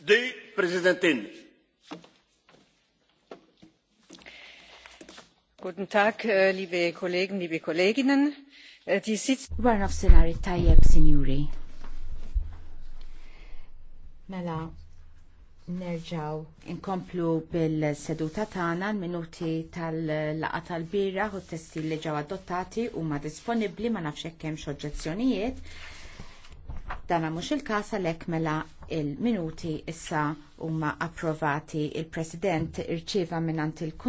di Präsidentin. Guten Tag, äh, liebe Kollegen, liebe Kolleginnen. Äh, die Sitz tajjeb, Sinjuri. Mela, nerġaw inkomplu bil-seduta tagħna l-minuti tal-laqa tal-bira u t-testi li ġew adottati huma disponibbli ma nafx hekk hemm oġġezzjonijiet Dana mhux il-każ għalhekk mela il-minuti issa huma approvati il-President irċieva minn il-Kunsill